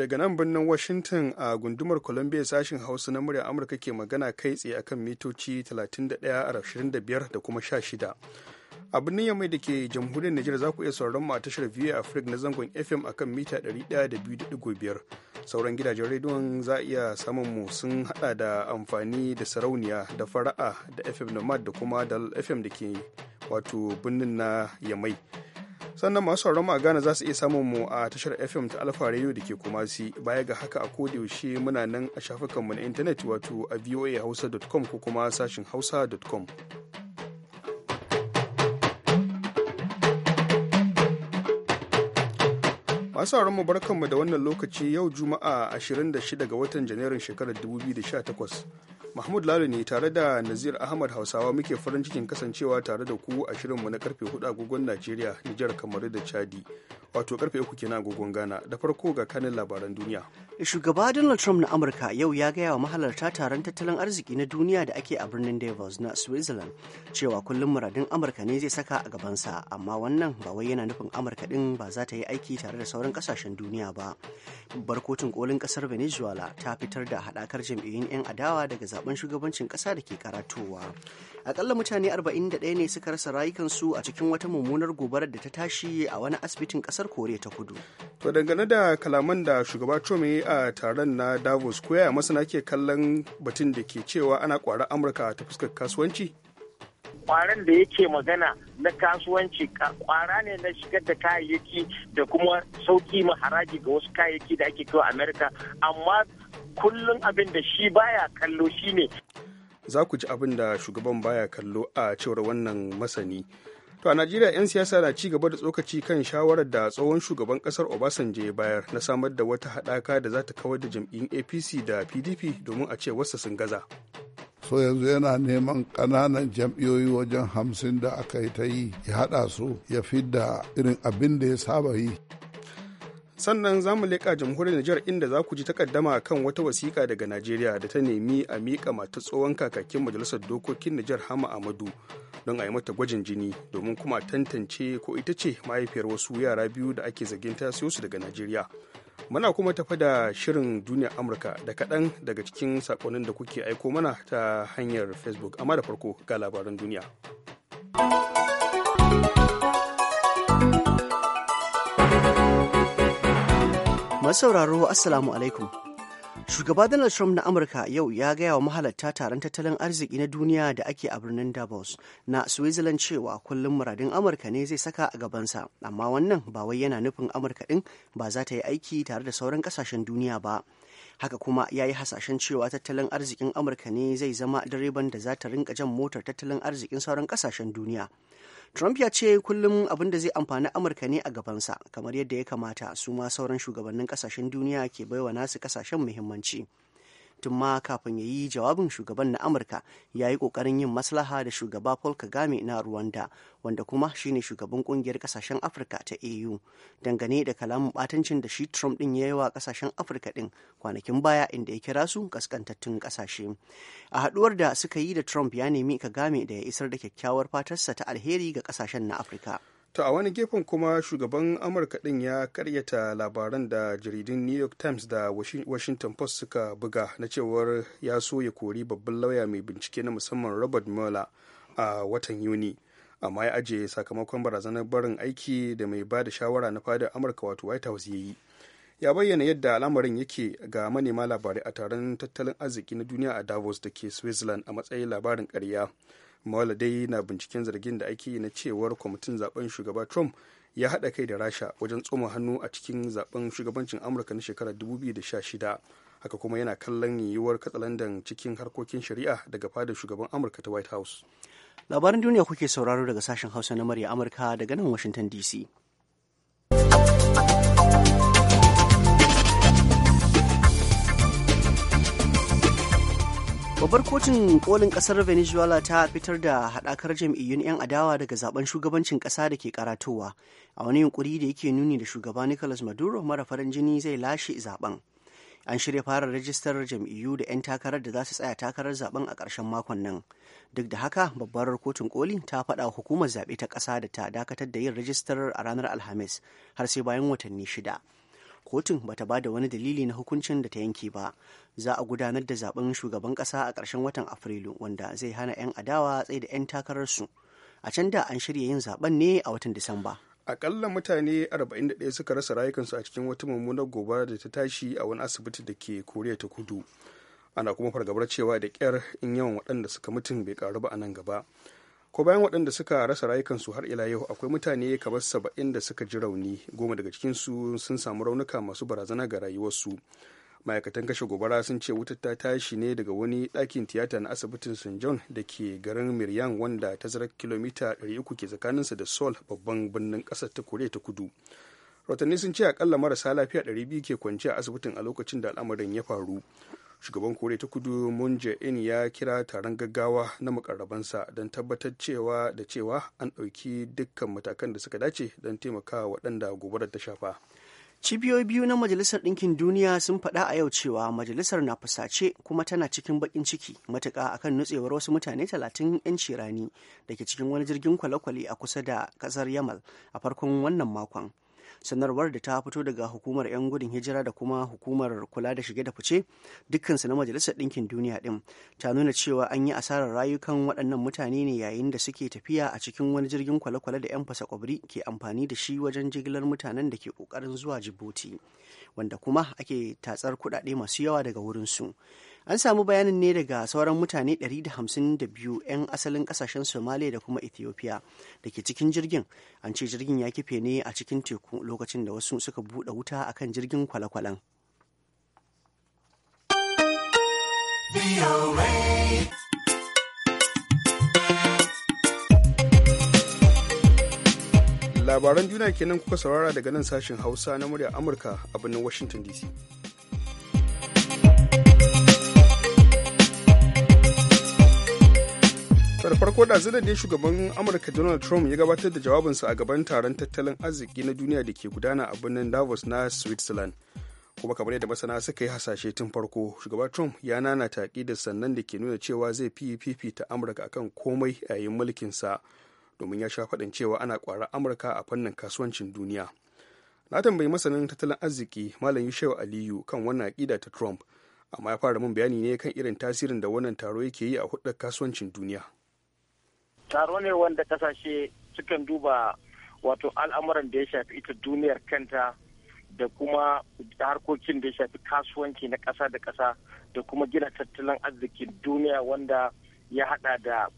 daga nan birnin washington a gundumar columbia sashin hausa na murya amurka ke magana kai tsaye akan mitoci 31.25 da kuma 16 a birnin yamai da ke jamhuriyar nijar za ku iya sauraron mu a tashar viewer africa na zangon fm akan mita 102.5 sauran gidajen rediyon za a iya samun mu sun hada da amfani da sarauniya da fara'a da fm nomad da kuma da fm da ke wato birnin na yamai sannan masu sauran a Ghana za su iya samun mu a tashar FM ta Alfa Radio da ke Kumasi baya ga haka a yaushe muna nan a shafukanmu na intanet wato a voa voahausa.com ko kuma sashin hausa.com. masu sauran mu barkanmu da wannan lokaci yau juma'a 26 ga watan janairun shekarar 2018 mahmud lalu ne tare da nazir ahmad hausawa muke farin cikin kasancewa tare da ku a shirinmu na karfe 4 agogon najeriya nijar kamaru da chadi wato karfe uku kenan agogon ghana da farko ga kanin labaran duniya shugaba donald trump na amurka yau ya gaya wa mahalarta taron tattalin arziki na duniya da ake a birnin davos na switzerland cewa kullum muradin amurka ne zai saka a gabansa amma wannan ba wai yana nufin amurka din ba za ta yi aiki tare da sauran sauran kasashen duniya ba babbar kotun kolin kasar venezuela ta fitar da hadakar jam'iyyun 'yan adawa daga zaben shugabancin kasa da ke karatowa akalla mutane 41 ne suka rasa rayukansu a cikin wata mummunar gobarar da ta tashi a wani asibitin kasar koriya ta kudu to dangane da kalaman da shugaba chome a taron na davos koya masana ke kallon batun da ke cewa ana kwara amurka ta fuskar kasuwanci kwaran da yake magana na kasuwanci kwara ne na shigar da kayayyaki da kuma sauki haraji ga wasu kayayyaki da ake kawo amerika amma kullum abin da shi baya kallo shi ne. za ku ji abin da shugaban baya kallo a cewar wannan masani to a najeriya 'yan siyasa na ci gaba da tsokaci kan shawarar da tsohon shugaban kasar obasanjo ya bayar na samar da wata hadaka da za ta kawar da jam'iyyun apc da pdp domin a ce wasu sun gaza so yanzu yana neman ƙananan jam'iyoyi wajen hamsin da aka yi ta yi ya haɗa su ya fidda irin abin da ya saba yi sannan za mu leƙa jamhuriyar Nijar inda za ku ji takaddama kan wata wasiƙa daga Najeriya da ta nemi a miƙa mata tsohon kakakin majalisar dokokin Nijar Hama Amadu don a yi mata gwajin jini domin kuma tantance ko ita ce mahaifiyar wasu yara biyu da ake zagin ta daga Najeriya. Muna kuma tafi da shirin duniya Amurka da kaɗan daga cikin saƙonnin da kuke aiko mana ta hanyar Facebook. Amma da farko ga labaran duniya. Masauraro, Assalamu alaikum. Shugaba Donald Trump na Amurka yau ya gaya wa mahalarta taron tattalin arziki na duniya da ake a birnin Davos na Switzerland cewa kullum muradin Amurka ne zai saka a gabansa, amma wannan ba wai yana nufin Amurka ɗin ba za ta yi aiki tare da sauran ƙasashen duniya ba. Haka kuma ya yi hasashen cewa tattalin arzikin Amurka ne zai zama direban da za ta rinka jan motar tattalin arzikin sauran ƙasashen duniya. Trump ya ce kullum abin da zai amfani Amurka ne a gabansa kamar yadda ya kamata su ma sauran shugabannin kasashen duniya ke baiwa nasu kasashen muhimmanci. tun ma kafin ya yi jawabin shugaban na amurka ya yi kokarin yin maslaha da shugaba paul kagame na rwanda wanda kuma shine shugaban kungiyar kasashen afirka ta au dangane da kalamin batancin da shi trump din ya yi wa kasashen afirka din kwanakin baya inda ya kira su kaskantattun kasashe a haduwar da suka yi da trump ya nemi kagame da ya isar da kyakkyawar fatarsa ta alheri ga kasashen na afirka to a wani gefen kuma shugaban amurka din ya karyata labaran da jaridun new york times da washington post suka buga na cewar ya so ya kori babban lauya mai bincike na musamman robert mueller a watan yuni amma ya ajiye sakamakon barazanar barin aiki da mai ba da shawara na fadar amurka wato white house ya yi ya bayyana yadda al'amarin yake ga manema labarai a taron tattalin arziki na duniya a davos da ke switzerland a matsayin labarin karya mawala dai na binciken zargin da ake yi na cewar kwamitin zaben shugaba trump ya haɗa kai da rasha wajen tsoma hannu a cikin zaben shugabancin amurka na shekarar 2016 haka kuma yana kallon yiwuwar katsalandan cikin harkokin shari'a daga fadar shugaban amurka ta white house labaran duniya kuke sauraro daga sashen hausa na murya amurka daga nan washington dc babbar kotun kolin kasar venezuela ta fitar da haɗakar jam'iyyun 'yan adawa daga zaben shugabancin ƙasa da ke karatowa a wani yunkuri da yake nuni da shugaba nicolas maduro mara farin jini zai lashe zaben an shirya fara rajistar jam'iyyu da 'yan takarar da za su tsaya takarar zaben a ƙarshen makon nan duk da haka babbar kotun koli ta faɗa hukumar zaɓe ta ƙasa da ta dakatar da yin rajistar a ranar alhamis har sai bayan watanni shida kotun bata ba da wani dalili na hukuncin da ta yanke ba za a gudanar da zaben shugaban kasa a ƙarshen watan afrilu wanda zai hana 'yan adawa tsaye da 'yan takararsu a can da an shirya yin zaben ne a watan disamba akalla mutane 41 suka rasa rayukansu a cikin wata mummunar gobara da ta tashi a wani asibiti da ke koriya ta kudu ana kuma fargabar cewa da ƙyar in yawan waɗanda suka mutum bai karu ba a nan gaba ko bayan waɗanda suka rasa rayukansu har ila yau akwai mutane kamar saba'in da suka ji rauni goma daga cikinsu sun samu raunuka masu barazana ga rayuwarsu ma'aikatan kashe gobara sun ce wutar ta tashi ne daga wani ɗakin tiyata na asibitin st john da ke garin miryan wanda tazarar kilomita 300 ke tsakaninsa da seoul babban birnin ƙasar ta koriya ta kudu rahotanni sun ce akalla marasa lafiya 200 ke kwance a asibitin a lokacin da al'amarin ya faru shugaban koriya ta kudu moon in ya kira taron gaggawa na makarabansa don tabbatar cewa da cewa an ɗauki dukkan matakan da suka dace don taimakawa waɗanda gobarar ta shafa cibiyoyi biyu na majalisar ɗinkin duniya sun faɗa a yau cewa majalisar na fusace kuma tana cikin baƙin ciki matuƙa akan nutsewar wasu mutane talatin 'yan cirani da ke cikin wani jirgin kwalekwale a kusa da ƙasar yamal a farkon wannan makon sanarwar da ta fito daga hukumar 'yan gudun hijira da kuma hukumar kula da shige da fice dukkansu na majalisar ɗinkin duniya ɗin ta nuna cewa an yi asarar rayukan waɗannan mutane ne yayin da suke tafiya a cikin wani jirgin kwale-kwale da 'yan fasa kwabri ke amfani da shi wajen jigilar mutanen da ke ƙoƙarin zuwa jibuti wanda kuma ake tatsar kuɗaɗe masu yawa daga wurinsu. su an samu bayanin ne daga sauran mutane 152 'yan asalin kasashen somalia da kuma ethiopia da ke cikin jirgin an ce jirgin ya kife ne a cikin teku lokacin da wasu suka buɗe wuta a kan jirgin kwale-kwalen labaran duniya kenan kuka saurara daga nan sashen hausa na murya amurka a birnin washington dc da farko da zidan ne shugaban amurka donald trump ya gabatar da jawabinsa a gaban taron tattalin arziki na duniya da ke gudana a birnin davos na switzerland kuma kamar yadda masana suka yi hasashe tun farko shugaban trump ya nana nanata da sannan da ke nuna cewa zai fi ta amurka akan komai yayin mulkinsa domin ya sha faɗin cewa ana ƙwara amurka a fannin kasuwancin duniya na tambayi masanin tattalin arziki malam yushewa aliyu kan wannan aƙida ta trump amma ya fara min bayani ne kan irin tasirin da wannan taro yake yi a hudar kasuwancin duniya taro ne wanda kasashe sukan duba wato al'amuran da ya shafi ita duniyar kanta da kuma harkokin da ya shafi kasuwanci na kasa da kasa da kuma gina tattalin arzikin duniya wanda ya hada da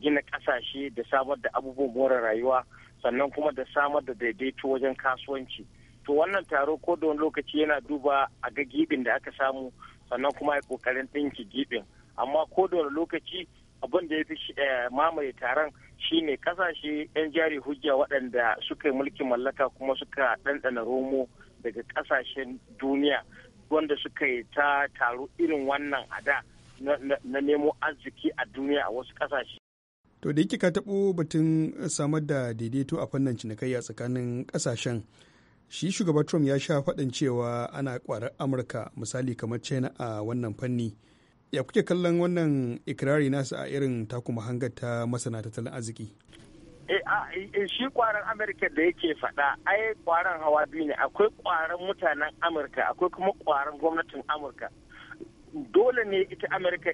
gina kasashe da samar da abubuwan more rayuwa sannan kuma da samar da daidaito wajen kasuwanci to wannan taro ko da wani lokaci yana duba a ga gibin da aka samu sannan kuma ya kokarin ɗinki gibin amma ko da wani lokaci abin da ya fi eh, mamaye taron shine kasashe 'yan jari hujja waɗanda suka yi mulkin mallaka kuma suka ɗanɗana romo daga kasashen duniya wanda suka yi ta taro irin wannan a da na nemo arziki a duniya a wasu kasashe. To da yake ka taɓo batun samar da daidaito a fannin cinikayya tsakanin kasashen shi shugaba Trump ya sha faɗin cewa ana ƙwarar Amurka misali kamar China a wannan fanni. ya kuke kallon wannan ikirari nasu a irin takuma hangar ta masana tattalin arziki eh, eh, shi kwaran amurka da yake faɗa ai kwaran hawa biyu ne akwai kwaran mutanen amurka akwai kuma kwaran gwamnatin amurka dole ne ita amurka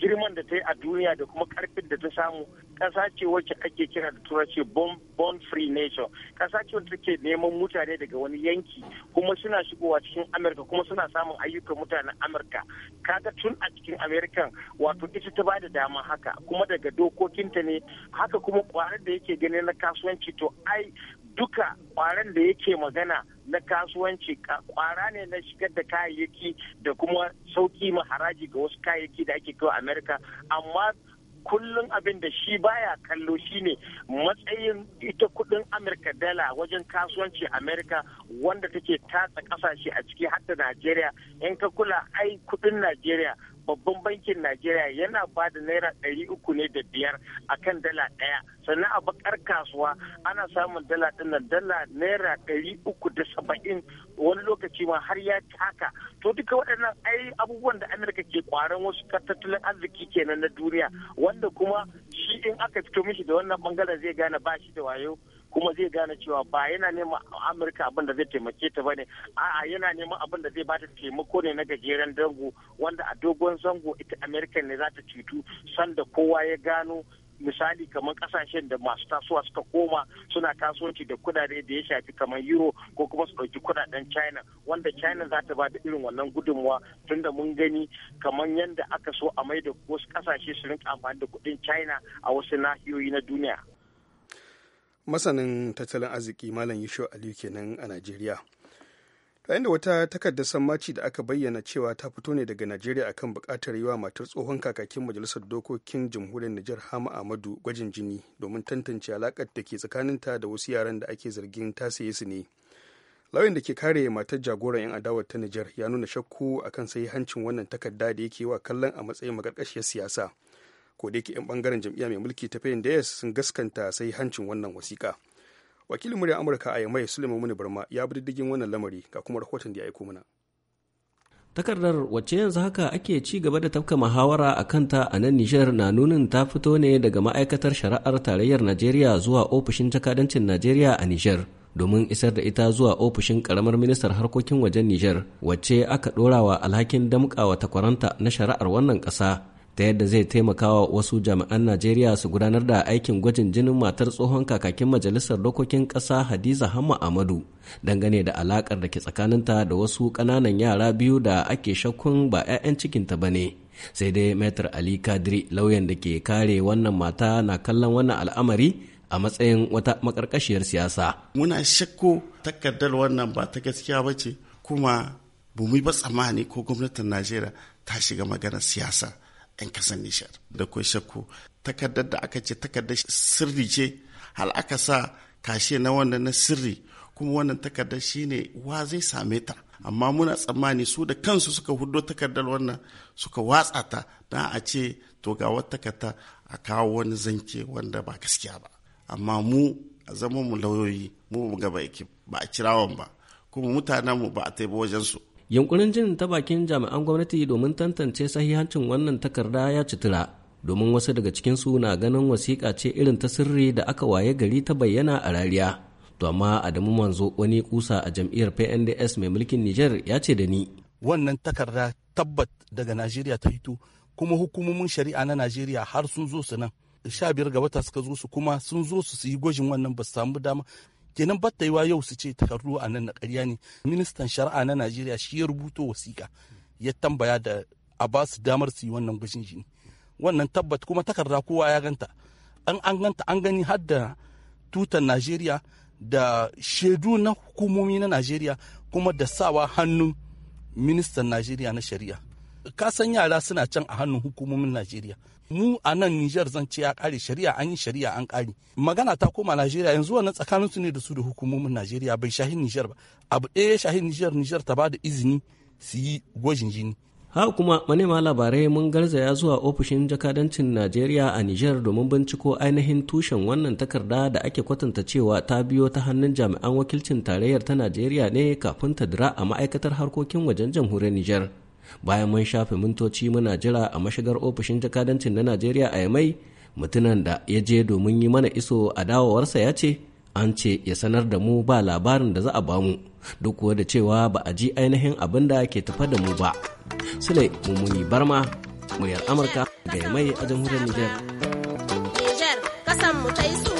girman da ta yi a duniya da kuma karfin da ta samu ƙasa ce wacce ake kira da turanci born free nation ƙasa ce wacce take neman mutane daga wani yanki kuma suna shigowa cikin amurka kuma suna samun ayyukan mutanen amurka kaga tun a cikin amurkan wato ita ta ba da dama haka kuma daga dokokinta ne haka kuma kwarar da yake gani na kasuwanci to ai duka kwaran da yake magana na kasuwanci kwara ne na shigar da kayayyaki da kuma sauki ma haraji ga wasu kayayyaki da ake kawo amerika amma kullum abin da shi baya kallo shine matsayin ita kudin amurka dala wajen kasuwanci Amerika. wanda take tatsa kasashe a ciki har najeriya in ka kula ai kudin najeriya babban bankin najeriya yana ba da naira ɗari uku ne da biyar a kan dala ɗaya sannan a bakar kasuwa ana samun dala ɗinnan dala naira ɗari uku da saba'in wani lokaci ma har ya taka to duka waɗannan ai abubuwan da amurka ke kwaran wasu tattalin arziki kenan na duniya wanda kuma shi in aka fito mishi da wannan bangaren zai gane ba shi da wayo kuma zai gane cewa ba yana neman amurka abin da zai taimake ta bane a'a yana neman abin da zai bata taimako ne na gajeren dango wanda a dogon zango ita amurka ne za ta cutu sanda kowa ya gano misali kamar kasashen da masu tasowa suka koma suna kasuwanci da kudade da ya shafi kamar euro ko kuma su dauki kudaden china wanda china za ta ba irin wannan gudunmuwa tunda mun gani kamar yadda aka so a mai da wasu kasashe su rinka amfani da kudin china a wasu nahiyoyi na duniya masanin tattalin arziki malam yisho aliyu kenan a najeriya ta da wata takardar sammaci da aka bayyana cewa ta fito ne daga najeriya akan bukatar yi wa matar tsohon kakakin majalisar dokokin jamhuriyar nijar hama amadu gwajin jini domin tantance alakar da ke tsakaninta da wasu yaran da ake zargin ta saye su ne lauyan da ke kare matar jagoran 'yan adawar ta nijar ya nuna shakku akan sai hancin wannan takarda da yake wa kallon a matsayin maƙarƙashiyar siyasa ko da yake 'yan bangaren jam'iyya mai mulki ta pnds sun gaskanta sai hancin wannan wasiƙa wakilin murya amurka a yamai suleiman muni barma ya bi diddigin wannan lamari ga kuma rahoton da ya aiko mana takardar wacce yanzu haka ake ci gaba da tafka muhawara a kanta a nan nijar na nunin ta fito ne daga ma'aikatar shari'ar tarayyar najeriya zuwa ofishin jakadancin najeriya a nijar domin isar da ita zuwa ofishin karamar ministar harkokin wajen nijar wacce aka dorawa alhakin damƙawa takwaranta na shari'ar wannan ƙasa ta yadda zai taimakawa wasu jami'an Najeriya su gudanar da aikin gwajin jinin matar tsohon kakakin majalisar dokokin ƙasa Hadiza Hamma Amadu dangane da alakar da ke tsakaninta da wasu ƙananan yara biyu da ake shakkun ba 'ya'yan cikinta ba ne. Sai dai Metar Ali Kadri lauyan da ke kare wannan mata na kallon wannan al'amari a matsayin wata makarkashiyar siyasa. Muna shakku takardar wannan ba ta gaskiya ba ce kuma bumi ba tsammani ko gwamnatin Najeriya ta shiga maganar siyasa. 'yan kasan nishar da kwai shakku takardar da aka ce takardar sirri ce hal aka sa kashe na wannan na sirri kuma wannan takardar shine wa zai same ta amma muna tsammani su da kansu suka hudo takardar wannan suka watsa ta na a ce to ga wata takarda a kawo wani zanke wanda ba gaskiya ba amma mu a zama mu lauyoyi mu ba ga ba a kirawan ba kuma mutanenmu ba a taiba wajensu yunkurin jin ta bakin jami'an gwamnati domin tantance sahihancin wannan takarda ya citira domin wasu daga su na ganin wasiƙa ce irin ta sirri da aka waye gari ta bayyana a rariya to amma adamu manzo wani kusa a jam'iyyar pnds mai mulkin niger ya ce da ni wannan takarda tabbat daga najeriya ta hito kuma hukumomin shari'a na najeriya har sun zo su nan sha biyar ga wata suka zo su kuma sun zo su yi gwajin wannan ba su samu dama kenan wa yau su ce takardu a nan na ƙarya ne ministan shari'a na najeriya shi ya rubuto wasiƙa ya tambaya da a ba su damar su yi wannan gwajin jini wannan tabbat kuma takarda kowa ya ganta an an ganta an gani har da tutar najeriya da shaidu na hukumomi na najeriya kuma da sawa hannun ministan najeriya na shari'a ka san yara suna can a hannun hukumomin Najeriya. Mu a nan Nijar zan ce ya kare shari'a an yi shari'a an kare. Magana ta koma Najeriya yanzu wannan tsakanin su ne da su da hukumomin Najeriya bai shahin Nijar ba. Abu ɗaya ya shahin Nijar Nijar ta ba da izini su yi gwajin jini. Haka kuma manema labarai mun garzaya zuwa ofishin jakadancin Najeriya a Nijar domin binciko ainihin tushen wannan takarda da ake kwatanta cewa ta biyo ta hannun jami'an wakilcin tarayyar ta Najeriya ne kafin ta dira a ma'aikatar harkokin wajen jamhuriyar Nijar. bayan mun shafe mintoci muna jira a mashigar ofishin jakadancin na najeriya a yamai mutumin da ya je domin yi mana iso a dawowarsa ya ce an ce ya sanar da mu ba labarin da za a bamu duk kuwa da cewa ba a ji ainihin abin da ke tafa da mu ba sule mummuni barma muyar amurka ga yamai a jamhuriyar nijar. kasan mu ta iso.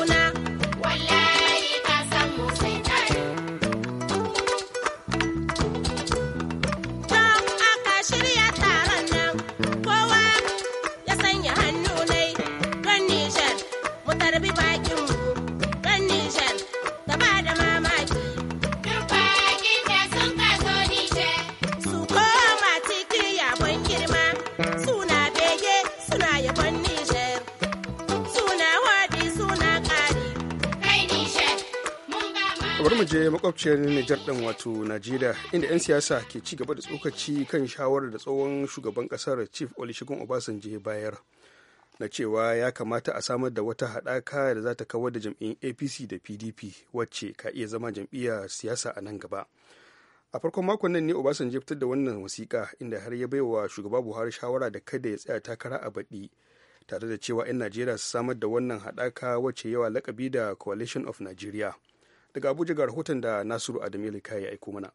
makwabciyar Nijar ɗin wato Najeriya inda 'yan siyasa ke ci gaba da tsokaci kan shawarar da tsohon shugaban ƙasar Chief Olusegun Obasanjo ya bayar na cewa ya kamata a samar da wata haɗaka da za ta kawar da jam'iyyun APC da PDP wacce ka iya zama jam'iyyar siyasa a nan gaba. A farkon makon nan ne Obasanjo fitar da wannan wasiƙa inda har ya baiwa shugaba Buhari shawara da kada ya tsaya takara a baɗi tare da cewa 'yan Najeriya su samar da wannan haɗaka wacce yawa lakabi da Coalition of Nigeria. daga abuja ga rahoton da nasiru adamu ya aiko mana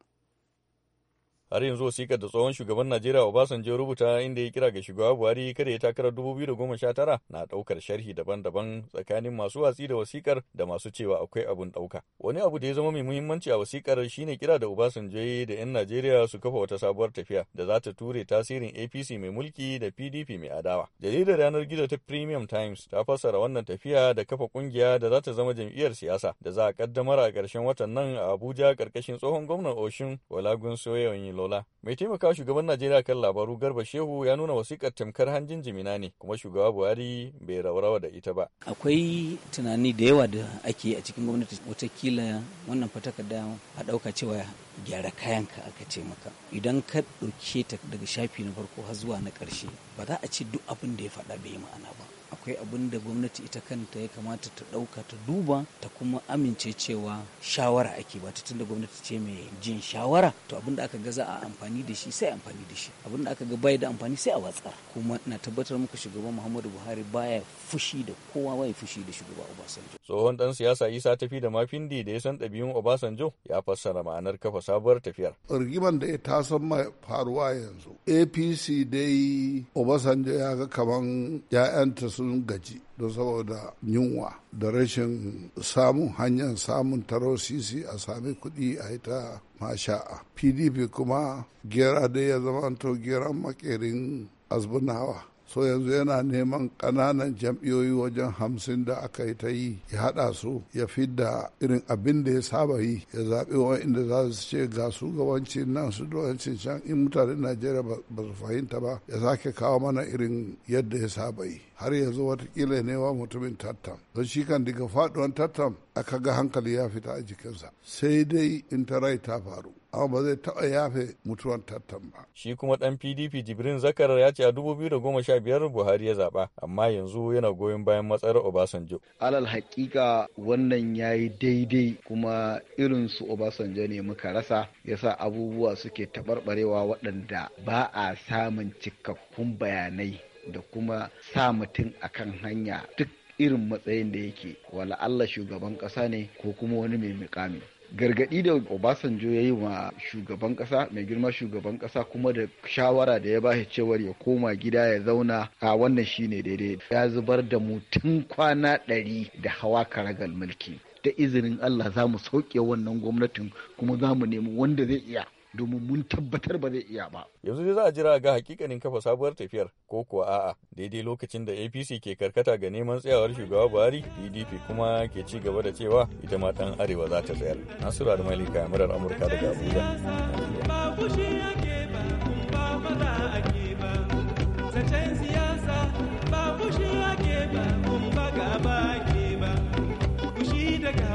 har yanzu wasikar da tsohon shugaban Najeriya Obasanjo rubuta inda ya kira ga shugaba Buhari kada ya takarar 2019 na daukar sharhi daban-daban tsakanin masu watsi da wasikar da masu cewa akwai abun dauka. Wani abu da ya zama mai muhimmanci a wasikar shine kira da Obasanjo da 'yan Najeriya su kafa wata sabuwar tafiya da za ta ture tasirin APC mai mulki da PDP mai adawa. Jaridar yanar gizo ta Premium Times ta fassara wannan tafiya da kafa kungiya da za ta zama jam'iyyar siyasa da za a kaddamar a ƙarshen watan nan a Abuja ƙarƙashin tsohon gwamnan Oshun Walagun Soyewanyi Lola. Mai taimaka shugaban Najeriya kan labaru Garba Shehu ya nuna wasikar tamkar hanjin jimina ne kuma shugaba Buhari bai raurawa da ita ba. Akwai tunani da yawa da ake a cikin gwamnati watakila wannan da a ɗauka cewa gyara kayanka aka ce maka idan ka ɗauke ta daga shafi na farko har zuwa na ƙarshe ba za a ce duk abin da ya faɗa bai ma'ana ba akwai abin da gwamnati ita kanta ya kamata ta ɗauka ta duba ta kuma amince cewa shawara ake ba ta tunda gwamnati ce mai jin shawara to abin da aka ga za a amfani da shi sai amfani da shi abin da aka ga bai da amfani sai a watsar kuma na tabbatar muku shugaban muhammadu buhari baya fushi da kowa baya fushi da shugaba obasanjo tsohon dan siyasa isa tafi da mafindi da ya san ɗabi'un obasanjo ya fassara ma'anar kafa sabuwar tafiyar rigiman da ya san mai faruwa yanzu apc dai obasanjo ya ga kaman ya'yanta sun gaji don saboda yunwa da rashin samun hanyar samun taro sisi a sami kuɗi a ita masha'a pdp kuma gera dai ya zama to geran makerin azbunawa so yanzu yana neman ƙananan jam'iyoyi wajen hamsin da aka yi ta yi ya haɗa su ya fidda irin abin da ya saba yi ya zaɓi wa'inda za su ce ga su shugabancin nan su dogancin can in mutanen najeriya ba su fahimta ba ya sake kawo mana irin yadda ya saba yi har yanzu watakila ne wa mutumin tattam don shi kan daga faɗuwan tattam aka ga hankali ya fita a jikinsa sai dai in ta rai ta faru amma ba zai taɓa yafe mutuwan tattan ba. Shi kuma ɗan PDP Jibrin Zakar ya ce a 2015 Buhari ya zaɓa amma yanzu yana goyon bayan matsayar Obasanjo. Alal haƙiƙa wannan ya yi daidai kuma irin su Obasanjo ne muka rasa ya sa abubuwa suke taɓarɓarewa waɗanda ba a samun cikakkun bayanai da kuma sa mutum akan hanya duk irin matsayin da yake wala Allah shugaban ƙasa ne ko kuma wani mai mukami. gargadi da obasanjo ya yi wa shugaban kasa mai girma shugaban kasa kuma da shawara da ya bashi cewar ya koma gida ya zauna a wannan shine daidai ya zubar da mu kwana ɗari da hawa karagal mulki Ta izinin allah za mu sauke wannan gwamnatin kuma za mu nemi wanda zai iya domin mun tabbatar ba zai iya ba. Yanzu dai za a jira ga hakikanin kafa sabuwar tafiyar ko kuwa a'a daidai lokacin da APC ke karkata ga neman tsayawar shugaba Buhari PDP kuma ke ci gaba da cewa ita ma dan arewa za ta tsayar. Nasiru Adamali kamarar Amurka daga Abuja.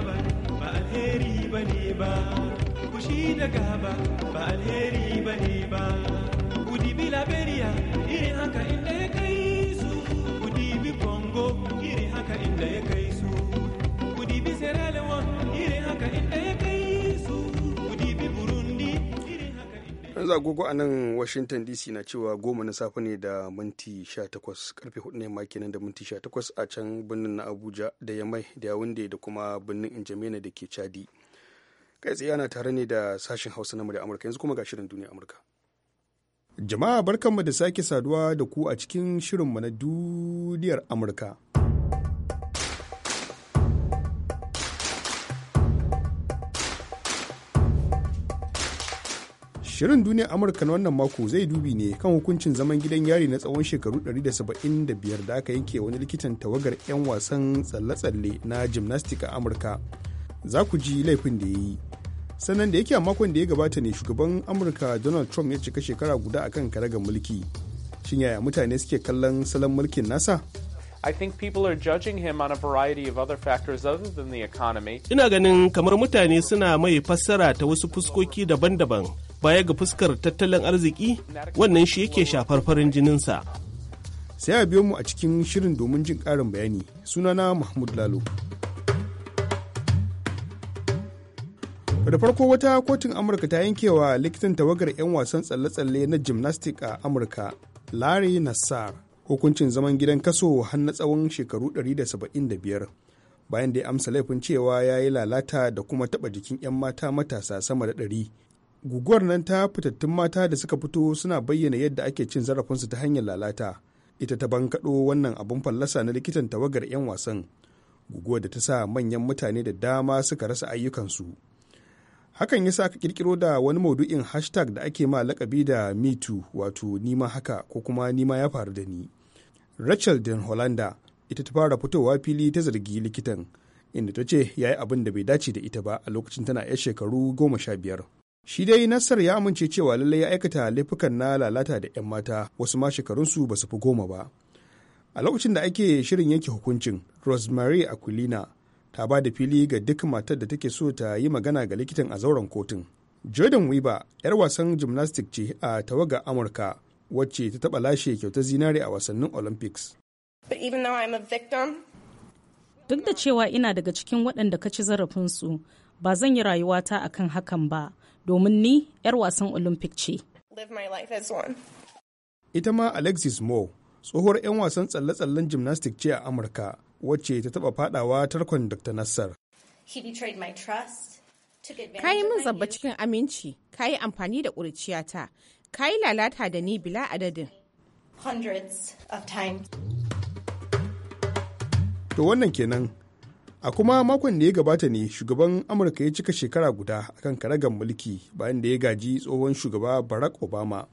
ba alheri ba ne ba kushi da gaba liberia irin haka agogo a nan washington dc na cewa goma na safe ne da minti 18 karfe 4 ne ma kenan da minti 18 a can birnin na abuja da yamai da yawunde da kuma birnin injamena da ke chadi kai tsaye ana tare ne da sashen hausa na da amurka yanzu kuma ga shirin duniya amurka Jama'a barkanmu da sake saduwa da ku a cikin shirinmu na duniyar Amurka. Shirin duniyar Amurka na wannan mako zai dubi ne kan hukuncin zaman gidan yari na tsawon shekaru 175 da aka yanke wani likitan tawagar 'yan wasan tsalle-tsalle na gymnastics a Amurka. Za ku ji laifin da ya yi. sannan da yake a makon da ya gabata ne shugaban amurka donald trump ya cika shekara guda a akan karagar mulki shin yaya mutane suke kallon salon mulkin nasa I think people are him on factors other the economy. Ina ganin kamar mutane suna mai fassara ta wasu fuskoki daban-daban baya ga fuskar tattalin arziki wannan shi yake shafar farin jininsa. Sai a biyo mu a cikin shirin domin jin ƙarin bayani. Sunana Mahmud Lalo. da farko wata kotun amurka ta yankewa likitan tawagar 'yan wasan tsalle-tsalle na gymnastic a amurka larry nassar hukuncin zaman gidan kaso har na tsawon shekaru 175 bayan da ya amsa laifin cewa ya yi lalata da kuma taba jikin 'yan mata matasa sama da 100 guguwar nan ta fitattun mata da suka fito suna bayyana yadda ake cin zarafinsu ta hanyar lalata ita ta bankaɗo wannan abun fallasa na likitan tawagar 'yan wasan guguwar da ta sa manyan mutane da dama suka rasa ayyukansu hakan ya sa ka kirkiro da wani maudu'in hashtag da ake ma lakabi da mitu wato nima haka ko kuma nima ya faru da ni rachel den hollanda ita ta fara fitowa fili ta zargi likitan inda ta ce ya yi abin da bai dace da ita ba a lokacin tana 'yar shekaru goma sha biyar shi dai nasar ya amince cewa lallai ya aikata laifukan na lalata da 'yan mata wasu ma shekarunsu ba su fi goma ba a lokacin da ake shirin yanke hukuncin rosemary aquilina ta ba da fili ga duk matar da take so ta yi magana ga likitan a zauren kotun jordan weaver 'yar wasan gymnastics ce a tawaga amurka wacce ta taba lashe kyautar zinare a wasannin olympics duk da cewa ina daga cikin waɗanda ka ci zarafinsu ba zan yi rayuwata kan hakan ba domin ni 'yar wasan olympic ce ita ma alexis moore tsohuwar 'yan wasan tsalle-tsallen gymnastics ce a amurka wacce ta taɓa fadawa tarkon Dr. Nassar. Ka yi min zabba cikin aminci, ka yi amfani da ƙuriciyata, ka yi lalata da ni bila adadin. To wannan kenan, a kuma makon da ya gabata ne shugaban Amurka ya cika shekara guda akan karagar mulki bayan da ya gaji tsohon shugaba Barack Obama.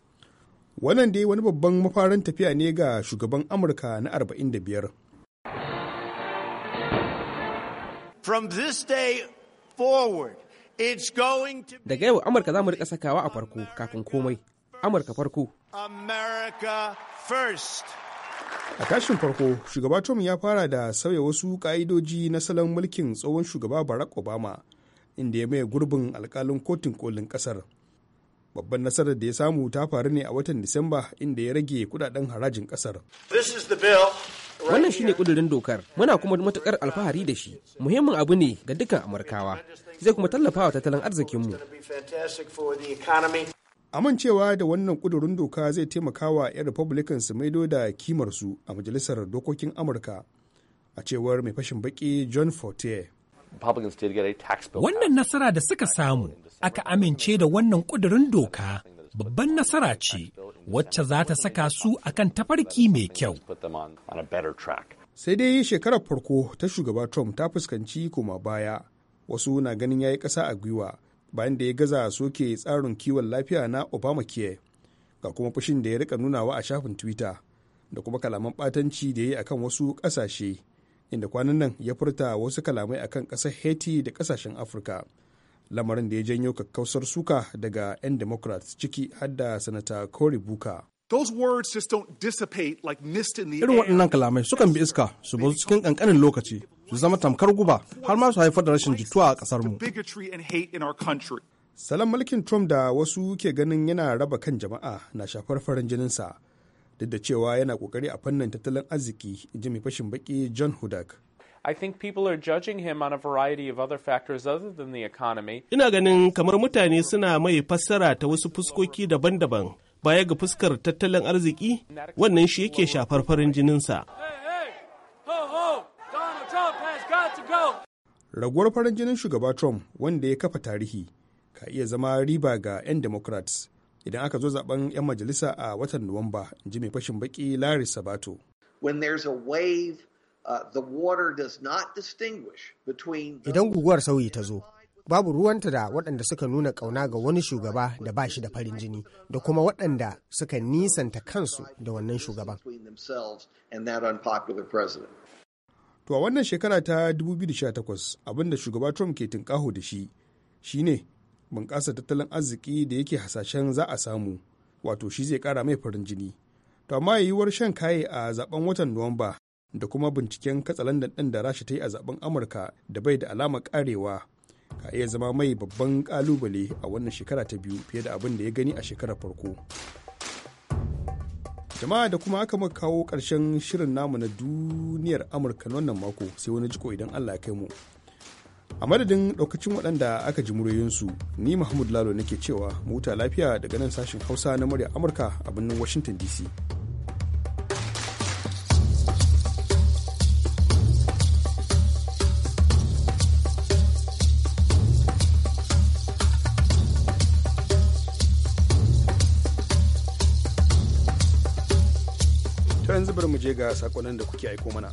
Wannan dai wani babban mafarin tafiya ne ga shugaban Amurka na 45. From this day forward, it's going to Daga yau Amurka za mu rika sakawa a farko kafin komai. Amurka farko. America first. A tashin farko, shugaba Trump ya fara da sauya wasu ka'idoji na salon mulkin tsohon shugaba Barack Obama, inda ya maye gurbin alkalin kotun kolin kasar. Babban nasarar da ya samu ta faru ne a watan Disamba inda ya rage kudaden harajin kasar. This is the bill Wannan shine kudurin dokar, muna kuma matukar alfahari da shi. Muhimmin abu ne ga dukkan Amurkawa. Zai kuma tallafawa tattalin arzikinmu. Amincewa da wannan kudurin doka zai taimaka wa 'yan Republican su maido da kimarsu a Majalisar Dokokin Amurka, a cewar mai fashin baki John Fortier. Wannan nasara da suka samu aka amince da wannan kudurin doka babban nasara ce wacce za ta saka su akan tafarki mai kyau. Sai dai shekarar farko ta shugaba Trump ta fuskanci koma baya, wasu na ganin ya yi ƙasa a gwiwa bayan da ya gaza soke tsarin kiwon lafiya na Obamacare, ga kuma fushin da ya rika nunawa a shafin Twitter da kuma kalaman ɓatanci da ya yi akan wasu ƙasashe, inda kwanan nan ya furta wasu kalamai akan ƙasar Haiti da ƙasashen Afirka. lamarin da ya janyo kakkausar suka daga 'yan democrats ciki har da sanata cory booker irin waɗannan kalamai sukan bi iska su bazu cikin ƙanƙanin lokaci su zama tamkar guba har ma su haifar da rashin jituwa a ƙasar mu salon mulkin trump da wasu ke ganin yana raba kan jama'a na shafar farin jininsa duk da cewa yana kokari a fannin tattalin arziki jimi fashin baki john hudak I think people are judging him on a variety of other factors other than the economy. Ina ganin kamar mutane suna mai fassara ta wasu fuskoki daban-daban baya ga fuskar tattalin arziki wannan shi yake shafar farin jininsa. Raguwar farin jinin shugaba Trump wanda ya kafa tarihi ka iya zama riba ga 'yan Democrats idan aka zo zaben 'yan majalisa a watan Nuwamba, ji mai fashin baki Larry Sabato. When there's a wave Uh, Idan guguwar sauyi ta zo, babu ruwanta da waɗanda suka nuna ƙauna ga wani shugaba da ba shi da farin jini da kuma waɗanda suka nisanta kansu da wannan shugaban. To a wannan shekara ta 2018 abinda shugaba Trump ke tunƙaho da shi shi ne bunƙasa tattalin arziki da yake hasashen za a samu wato shi zai ƙara mai farin jini. To amma yiwuwar shan kaye a zaben watan Nuwamba da kuma binciken katsalandan ɗin da rasha ta yi a zaben amurka da bai da alama karewa ka iya zama mai babban kalubale a wannan shekara ta biyu fiye da abin da ya gani a shekarar farko jama'a da kuma aka maka kawo ƙarshen shirin namu na duniyar amurka na wannan mako sai wani jiko idan allah ya kai mu a madadin ɗaukacin waɗanda aka ji muryoyinsu ni muhammadu lalo nake cewa mu huta lafiya daga nan sashen hausa na murya amurka a birnin washington dc ga sakonnin da kuke aiko mana.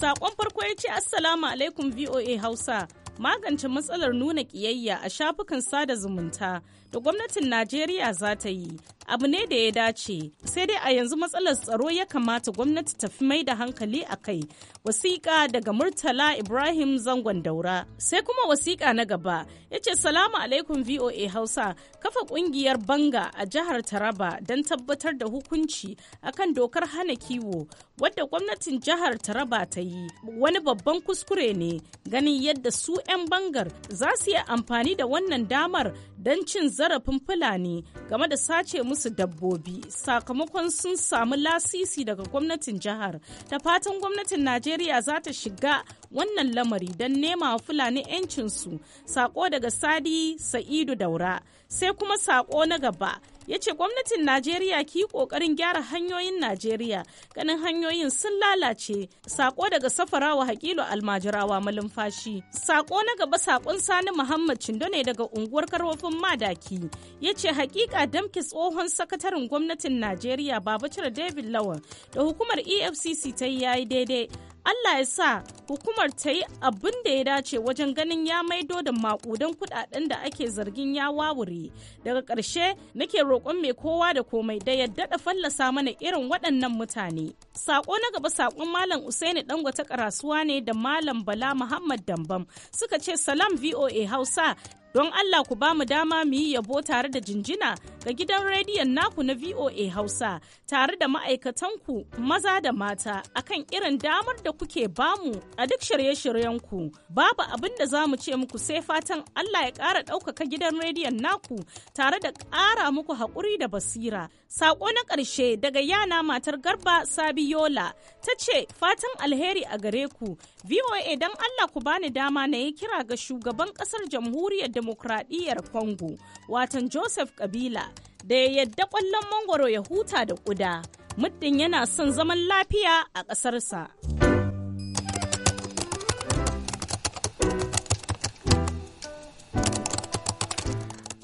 Sakon farko ya ce Assalamu alaikum VOA Hausa. Magance matsalar nuna ƙiyayya a shafukan sada zumunta da gwamnatin Najeriya za ta yi abu ne da ya dace sai dai a yanzu matsalar tsaro ya kamata gwamnati ta fi mai da hankali a kai wasiƙa daga murtala ibrahim zangon daura sai kuma wasiƙa na gaba ya ce salamu alaikum voa hausa kafa ƙungiyar banga a jihar taraba don tabbatar da hukunci akan dokar hana kiwo wadda gwamnatin jihar taraba ta yi wani babban kuskure ne ganin yadda su 'yan bangar za su yi amfani da wannan damar don cin zarafin fulani game da sace musu musu dabbobi sakamakon sun samu lasisi daga gwamnatin jihar ta fatan gwamnatin najeriya za ta shiga wannan lamari don nema fulani 'yancinsu sako daga sadi sa'idu daura sai kuma sako na gaba ya ce gwamnatin najeriya ki kokarin gyara hanyoyin najeriya ganin hanyoyin sun lalace sako daga safarawa hakilo almajirawa malumfashi sako na gaba sakon sani muhammad cindo ne daga unguwar karofin madaki ya ce hakika damke tsohon sakataren gwamnatin najeriya Babacar david lawan da hukumar efcc ta yi yayi daidai Allah ya sa hukumar ta yi abin da ya dace wajen ganin ya maido da makudan kudaden da ake zargin ya wawure. Daga ƙarshe nake roƙon mai kowa da komai da ya da fallasa mana irin waɗannan mutane. Sako na gaba sakon Malam Usaini Dangote karasuwa ne da Malam Bala Muhammad Dambam suka ce Salam VOA Hausa Don Allah ku ba mu dama mu yi yabo tare da jinjina ga gidan rediyon naku na VOA Hausa tare da ma'aikatanku maza da mata akan irin damar da kuke bamu a duk shirye-shiryenku. Babu abin da za mu ce muku sai fatan Allah ya ƙara ɗaukaka gidan rediyon naku tare da ƙara muku haƙuri da basira. Saƙo na ƙarshe daga yana matar Garba Sabiola ta ce fatan alheri a gare ku. VOA don Allah ku bani dama na yi kira ga shugaban ƙasar jamhuriyar demokradiyyar Congo, watan Joseph Kabila, da ya yadda ƙwallon mangoro ya huta da ƙuda, muddin yana son zaman lafiya a ƙasarsa.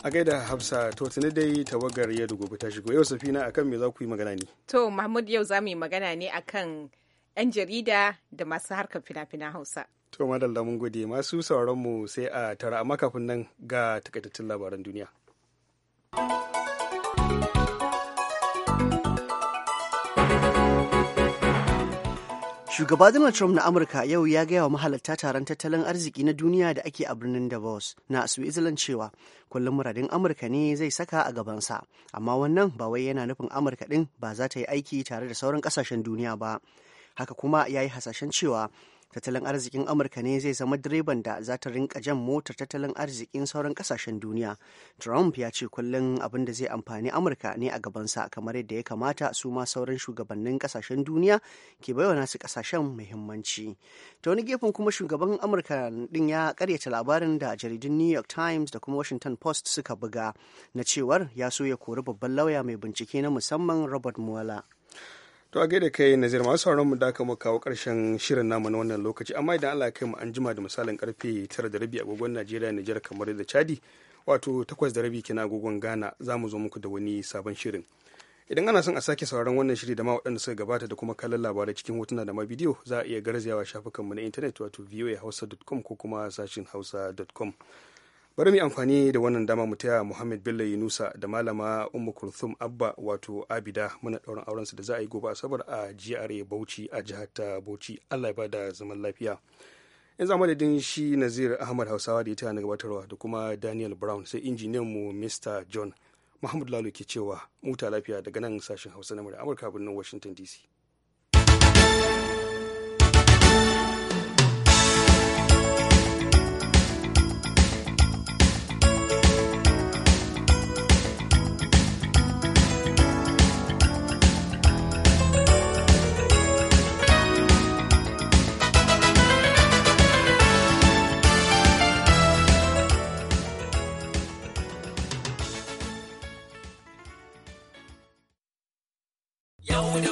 a gaida hafsa to tuni dai tawagar ya gobe ta shigo yau safina akan me za ku yi magana ne to mahmud yau za mu yi magana ne akan 'yan jarida da masu harkar fina-finan hausa To madalla mun gode masu sauran mu sai a tara a kafin nan ga takaitattun labaran duniya. Shugaba Donald Trump na Amurka yau ya gaya wa mahalarta taron tattalin arziki na duniya da ake a birnin Davos na Switzerland cewa kullum muradin Amurka ne zai saka a gabansa, amma wannan ba wai yana nufin Amurka ɗin ba za ta yi aiki tare da sauran ƙasashen duniya ba. Haka kuma ya yi hasashen cewa tattalin arzikin amurka ne zai zama direban da za ta rinka jan motar tattalin arzikin sauran kasashen duniya trump ya ce kullum abin da zai amfani amurka ne a gabansa kamar yadda ya kamata su ma sauran shugabannin kasashen duniya ke baiwa nasu kasashen muhimmanci ta wani gefen kuma shugaban amurka din ya karyata labarin da jaridun new york times da kuma washington post suka buga na cewar ya so ya kori babban lauya mai bincike na musamman robert mueller to a gaida kai nazir masu sauran mu da aka mu kawo karshen shirin namu na wannan lokaci amma idan Allah ya kai mu an jima da misalin karfe da rabi agogon Najeriya Nijar kamar da Chadi wato da rabi na agogon Ghana za mu zo muku da wani sabon shirin idan ana son a sake sauran wannan shiri da ma waɗanda suka gabata da kuma kallon labarai cikin hotuna da ma bidiyo za a iya garzayawa shafukanmu na intanet wato voahausa.com ko kuma sashin hausa.com bari mu amfani da wannan dama mu taya muhammad bello yunusa da malama ummu kulthum abba wato abida muna ɗaurin auren su da za a yi gobe asabar a GRA Bauchi a jihar ta Bauchi Allah ya bada zaman lafiya in zama da shi Nazir Ahmad Hausawa da ya taya na gabatarwa da kuma Daniel Brown sai injiniyan mu Mr John Muhammad Lalo ke cewa muta lafiya daga nan sashen Hausa na Amurka birnin Washington DC No.